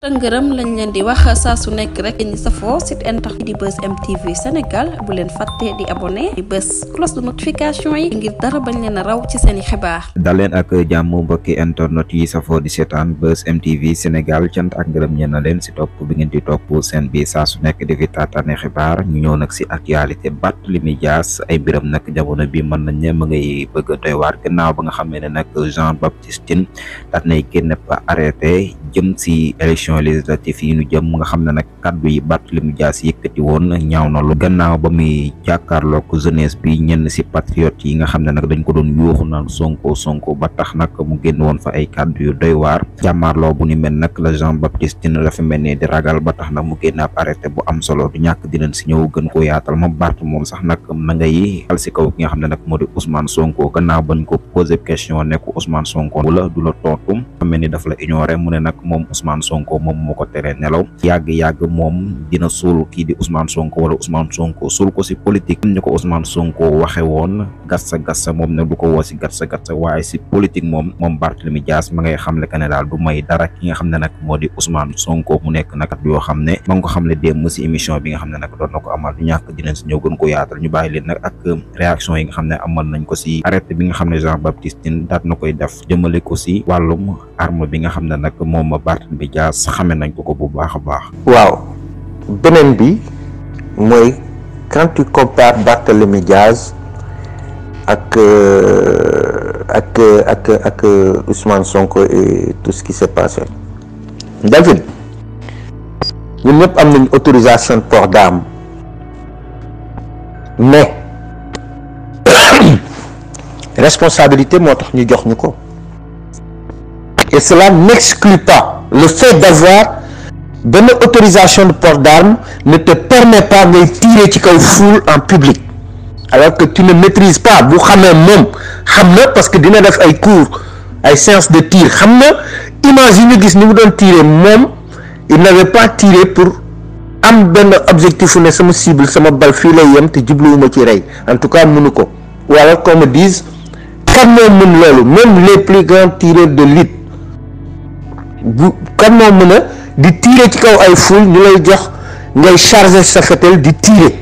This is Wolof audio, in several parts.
ngërëm lañ leen di wax saa su nekk rek ñi safoo site internet di bës MTV Sénégal bu leen fàtte di abonné di bës cloche de notification yi ngir dara bañ leen raw ci seen i xibaar. dal leen ak jàmm mbokki internet yi safoo di seetaan bës MTV Sénégal cant ak ngërëm ñeen na leen si topp bi ngeen di topp seen bi saa su nekk di fi taataane xibaar ñu ñëw nag si actualité Barthélémy Dias ay mbiram nag jamono bi mën nañ ne ma ngay bëgg a doy waar gannaaw ba nga xam ne nag Jean Baptiste Tine daat nay génn ba arrêté jëm si élection. élection législative yi nu jëm nga xam ne nag kàddu yi Barthélémy Dias yëkkati woon ñaaw na lu gannaaw ba muy jàkkaarloo ko jeunesse bi ñenn si patriote yi nga xam ne nag dañ ko doon yuuxu naan Sonko Sonko ba tax nag mu génn woon fa ay kàddu yu doy waar jàmmaarloo bu ni mel nag la Jean Baptiste dina dafa mel ne di ragal ba tax nag mu génn ab arrêté bu am solo du ñàkk di leen si ñëw gën koo yaatal moom Barth moom sax nag na ngay si kaw ki nga xam ne nag moo di Ousmane Sonko gannaaw bañ ko posé question nekk Ousmane Sonko wala du la mu ne nag moom Ousmane Sonko moom moo ko teree nelaw yàgg-yàgg moom dina suul kii di Ousmane Sonko wala Ousmane Sonko suul ko si politique ñu ko Ousmane Sonko waxe woon gatsa gatsa moom ne du ko woo si gatsa gatsa waaye si politique moom moom Barthélemy Dias ma ngay xamle que ne daal du may dara ki nga xam ne nag moo di Ousmane Sonko mu nekk nakat yoo xam ne ma ko xam ne démb si émission bi nga xam ne nag doon na ko amal du ñàkk dinañ si ñëw gën ko yaatal ñu bàyyi leen nag ak euh, réaction yi nga xam ne amal nañ ko si arrêté bi nga xam ne Jean Baptiste Tine daat na koy def jëmale ko si wàllum arme bi nga xam ne nag moom Barthélemy Dias Wow, nañ ko ko bu baax. waaw quand tu compares Barthélémy Diaz avec euh, ak Ousmane Sonko et tout ce qui s'est passé. David ñun ñëpp pas une autorisation de port d'armes mais responsabilité moo tax ñu jox et cela n'exclut pas le fait d'avoir une autorisation de port d'armes ne te permet pas de tirer ci kaw foule en public alors que tu ne maîtrises pas bu xamee moom xam parce que dina def ay cours ay séances de tir imaginez imagine que yi ñu tirer il n'avait pas tiré pour am ben objectif ne sama cible sama bal yem te jubluwuma ci ray en tout cas mënu ko wala qu'on me dise kan même les plus grands tireurs de lutte comme on dit, il di tirer ci kaw ay tirer. ñu lay jox sa fetel di tirer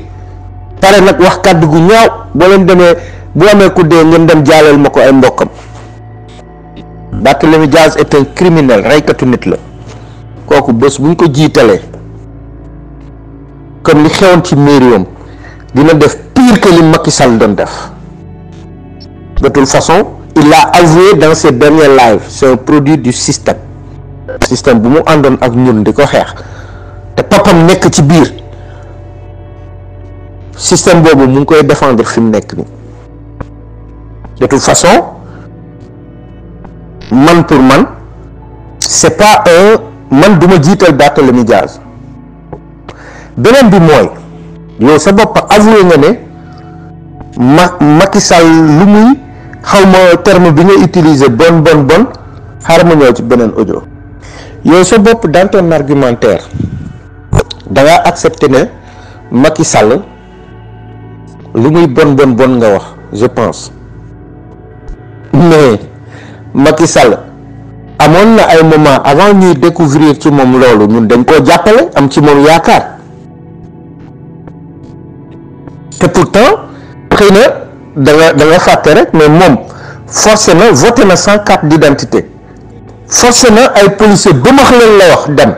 paré nak wax kaddu gu ñaw bo leen bu amé Il dem mako ay est un criminel nit la koku buñ ko Il comme li xewoon ci mairie dina def pire que li Macky Sall de toute façon il a avoué dans ses derniers lives c'est un produit du système système bu mu andon ak ñun diko xex xeex te papam nek ci biir système bobu mu ngi koy défendre fim nek ni de toute façon man pour man c'est pas un man duma jiital le midjaz benen bi moy yo sa bop avoué nga né Macky Sall lu muy xawma terme bi nga utiliser bon bon bon xaaral ci benen audio Yo sa bopp dans ton argumentaire da ngaa accepter ne Macky Sall lu muy bon bon bon nga wax je pense mais Macky Sall amoon na ay moment avant ñuy découvrir ci mom lolu ñun dañ ko jappalé am ci mom yaakar. te pourtant xëy na da nga da nga rek mais mom forcément, na voté na sans carte d'identité Forcément, na ay policiers ba la wax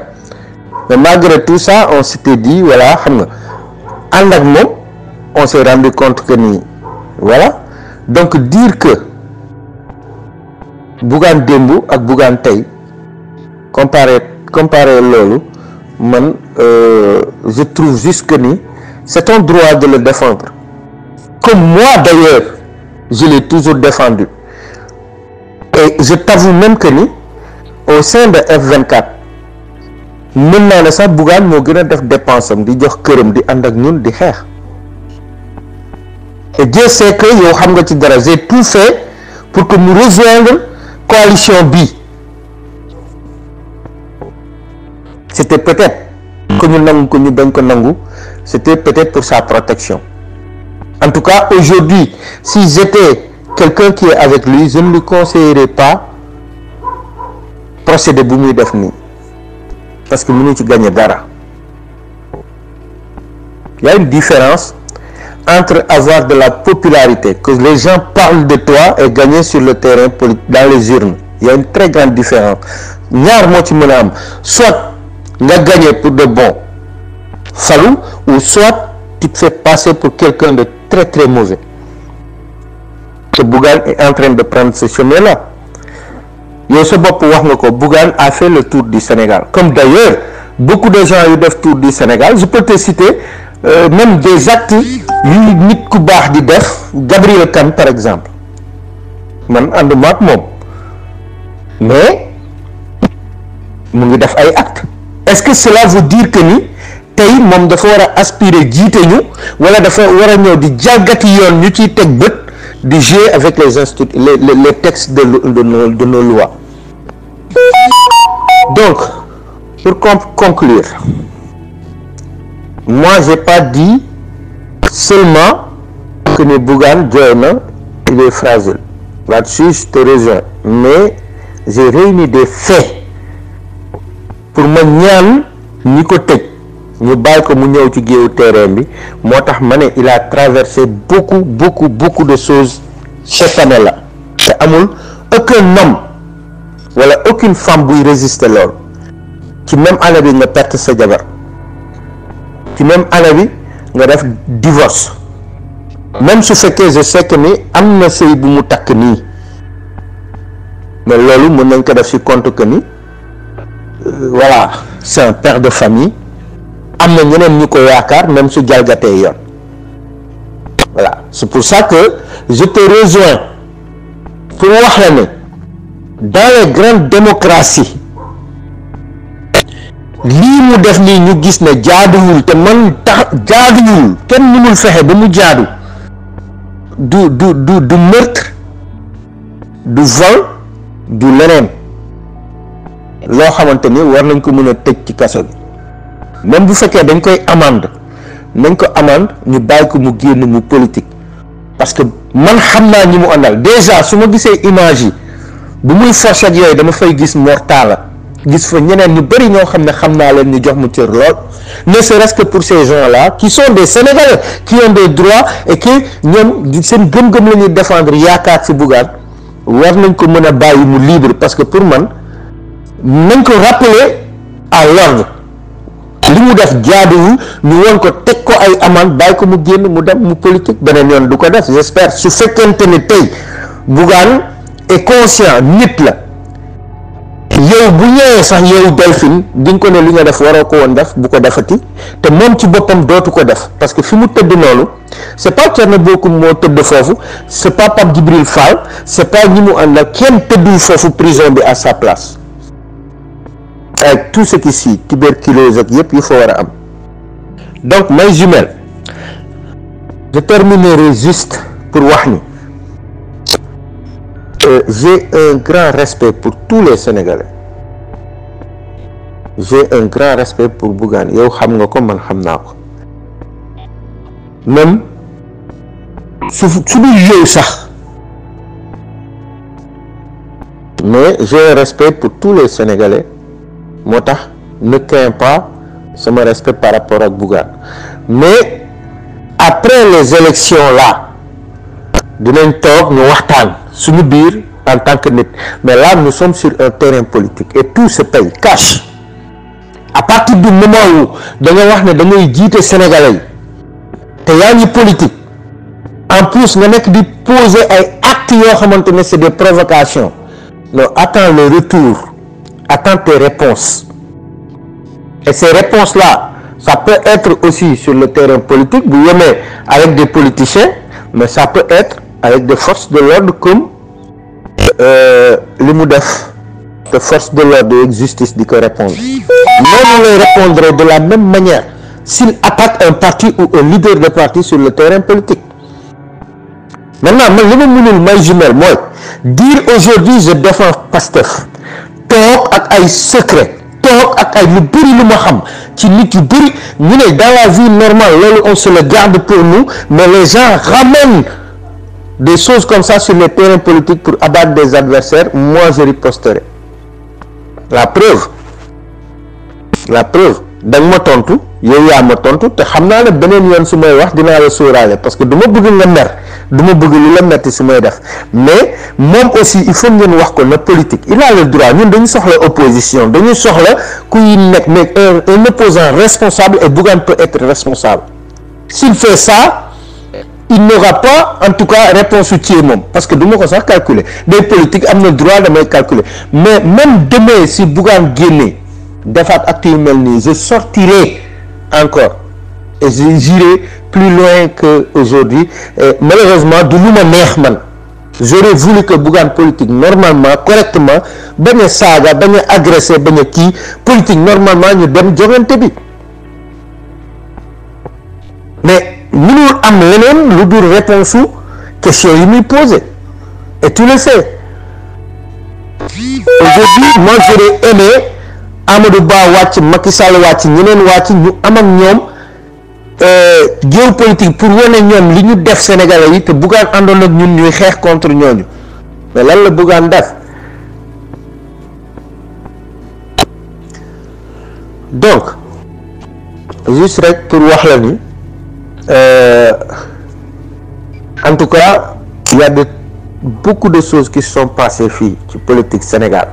mais malgré tout ça on s'était dit voilà xam nga on s'est rendu compte que ni voilà donc dire que Bougane Dembu ak Bougane Tay comparé comparé lolo, euh, je trouve juste que ni c'est ton droit de le défendre comme moi d'ailleurs je l'ai toujours défendu et je t'avoue même que ni au sein de F24 nous naa ne sax Bougane moo gën a def dépense am di jox këram di et Dieu sait que yow xam nga j'ai tout fait pour que mu la coalition B. c'était peut-être que ñu nangu ko ñu bañ ko c'était peut-être pour sa protection en tout cas aujourd'hui si j'étais quelqu'un qui est avec lui je ne lui conseillerais pas c'est de def parce que Mouni, tu gagnes dara y a une différence entre avoir de la popularité que les gens parlent de toi et gagner sur le terrain dans les urnes Il y a une très grande différence ñaar tu ci soit tu gagné pour de bon salut, ou soit tu te fais passer pour quelqu'un de très très mauvais que Bougane est en train de prendre ce chemin-là yow a fait le tour du Sénégal comme d'ailleurs beaucoup de gens ont fait le tour du Sénégal je peux te citer euh, même des actes def Gabriel Cam, par exemple man mais def actes est-ce que cela veut dire que nous, nous mom dafa à nous aspirer nous wala dafa des di avec les les textes de nos lois. Donc, pour conclure, moi j'ai pas dit seulement que les Bougan, il est fragile. Là-dessus, je te rejoins. Mais j'ai réuni des faits pour me dire que ko terrain il a traversé beaucoup beaucoup beaucoup de choses cette année là aucun homme voilà aucune femme résiste à loolu qui même la vie perd sa jabar qui même la vie, def divorce même si je sais que ni amna na pas bu mu mais lolu nañ def compte que ni euh, voilà c'est un père de famille Amna ñeneen qui ko même su voilà c'est pour ça que je te rejoins pour wax la dans les grandes démocraties lii mu def nii ñu gis ne jaaduwul te man tax jaaduwul kenn mënul fexe ba mu jaadu du du du du meurtre du vol du leneen loo xamante ni war nañ ko mën a tëj ci kaso bi même bu fekkee dañ koy amande nañ ko amande ñu bàyyi ko mu génn mu politique parce que man xam naa ñi mu àndal déjà su ma gisee image yi bu muy fourchette yooyu dama fay gis mortal gis fa ñeneen ñu bëri ñoo xam ne xam naa leen ñu jox mu cër lool ne serait-ce que pour ces gens-là qui sont des Sénégalais qui ont des droits et que ñoom seen gëm-gëm la ñuy défendre yaakaar si Bougane war nañ ko mën a bàyyi mu libre parce que pour man nañ ko rappeler à l'ordre li mu def jaaduwul ñu woon ko teg ko ay amende bàyyi ko mu génn mu dem mu politique beneen yoon du ko def j'espère su fekkente ne tey Bougane et conscient nit la yow bu ñëwee sax yow delphine di ko ne li nga def waroo ko woon def bu ko defati té mom ci bopam dootu ko def parce que fi mu lolu c'est pas Thierno beaucoup mo tëdd fofu c'est pas Pape Djibril Fall c'est pas ñi mu ànd ak kenn tëddul foofu prison bi à sa place avec tout ce qui si tuberculose ak yépp yu fa wara am donc may jumelles, je terminerai juste pour wax ni j'ai un grand respect pour tous les Sénégalais j'ai un grand respect pour Bougan. Yo xam nga man même le mais j'ai un respect pour tous les Sénégalais Moi, ne crains pas ce respect par rapport à Bougan. mais après les élections là dinañ tok ñu waxtaan suñu biir en tant que mais là nous sommes sur un terrain politique et tout se paye cash à partir du moment où da nga wax ne da ngay jiite sénégalais té te politique en plus nga nek di poser ay actes yo xamante c'est des provocations non attends le retour attends tes réponses et ces réponses là ça peut être aussi sur le terrain politique bu avec des politiciens mais ça peut être avec des forces de l'ordre comme euh, les MOUDAF def forces de l'ordre et justice di ko répondre Mais on répondre de la même manière s'il attaque un parti ou un leader de parti sur le terrain politique maintenant je vais ma pas moi, dire aujourd'hui je défends Pasteur. Talk ak ay secret talk ak ay lu bëri lu xam ci dans la vie normale on se le garde pour nous mais les gens ramènent des choses comme ça sur les terrains politiques pour abattre des adversaires, moi je riposterai. La preuve, la preuve, danga ma tontu yow un ma tontu te xam naa ne beneen yoon su may wax dinaa la sóoraale parce que du que bëgg nga mer du ma bëgg lu la metti de may def mais moi aussi il faut ngeen wax ko la politique il a le droit nous dañu soxla opposition dañu soxla kuy nekk mais un opposant responsable et Bougane peut être responsable s'il fait ça il n'aura pas en tout cas réponse au parce que demain on va sax calculer Les politiques ont droit droit me calculer mais même demain si Bougane génne de fait, actuellement, je sortirai encore et j'irai plus loin que aujourd'hui malheureusement de lu j'aurais voulu que Bougan politique normalement correctement ne saga, pas, agressé, agressé politique normalement ñu dem mais nous avons une lu réponse question et tu le sais aujourd'hui moi j'aurais aimé Amadou Ba wacc Macky Sall wacc ñeneen wacc am euh, géopolitique pour li ñu def Sénégalais yi te bugaan ñun ñuy contre ñooñu mais lan la def donc juste rek pour wax la euh, en tout cas, il y a beaucoup de choses qui sont passées sur la politique Sénégal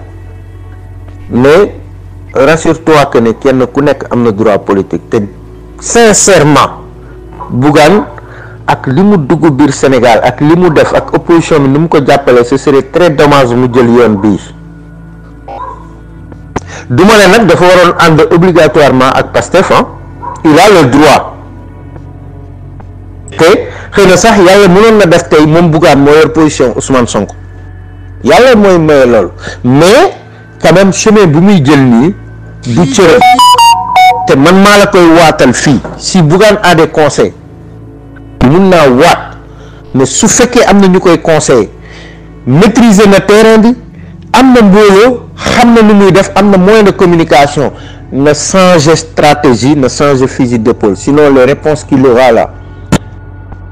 mais rassure-toi que ne kenn ne nekk am droit politique sincèrement Bougan, avec li du Sénégal avec li def opposition nous ce serait très dommage mu nous yoon bii duma ne nag dafa waroon obligatoirement ak Pastef hein. il a le droit que xëy na sax yàlla mënoon na def tey moom Bougane moo yor position Ousmane Sonko yàlla mooy maye loolu mais quand même chemin bu muy jël nii du cëram te man maa la koy waatal fii si Bougane a des conseils mun naa waat mais su fekkee am na ñu koy conseil maîtriser na terrain bi am na mbooloo xam na nu muy def am na moyen de communication na changer stratégie na changer de d'épaule sinon les réponses qu'il aura là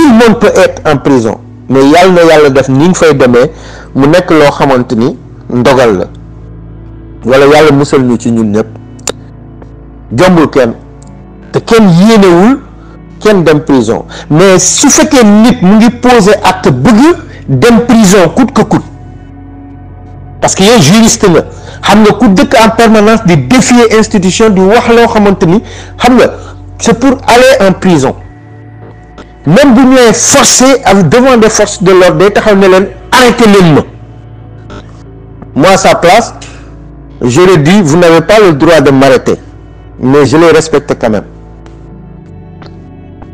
tout le monde peut être en prison mais yàlla na yàlla def ni nga fay demee mu nekk loo xamante ni ndogal la wala yalla mussel ñu ci ñun ñep jombul kenn te kenn yéenewul kenn dem prison mais su fekkee nit mu ngi poser acte bëgg dem prison coûte que coûte parce que yow juriste nga xam nga ku dëkk en permanence di défier institution di wax loo xamante ni xam nga c'est pour aller en prison même bu forcé devant des forces de l'ordre arrêtez taxaw moi à sa place je ai dit vous n'avez pas le droit de m'arrêter mais je le respecte quand même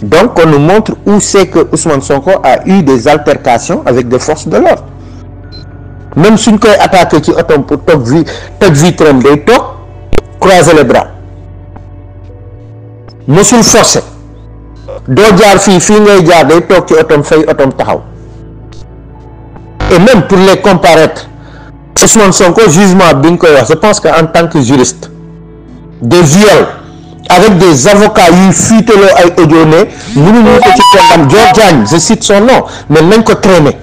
donc on nous montre où c'est que Ousmane Sonko a eu des altercations avec des forces de l'ordre même si nous attaqué ci pour top vie tok les bras sommes forcé do jaar fi fi ngay jaar day toog ci otom fay otom taxaw et même pour les comparaître Ousmane Sonko jugement bi nga koy wax je pense que en tant que juriste des viols avec des avocats yuy fuitaloo ay audio ne ñu ko ci condam Dior Diagne je cite son nom mais nañ ko traîner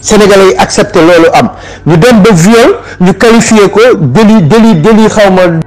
sénégalais accepté lolu am ñu dem ba viol ñu qualifier ko délit délit délit xawma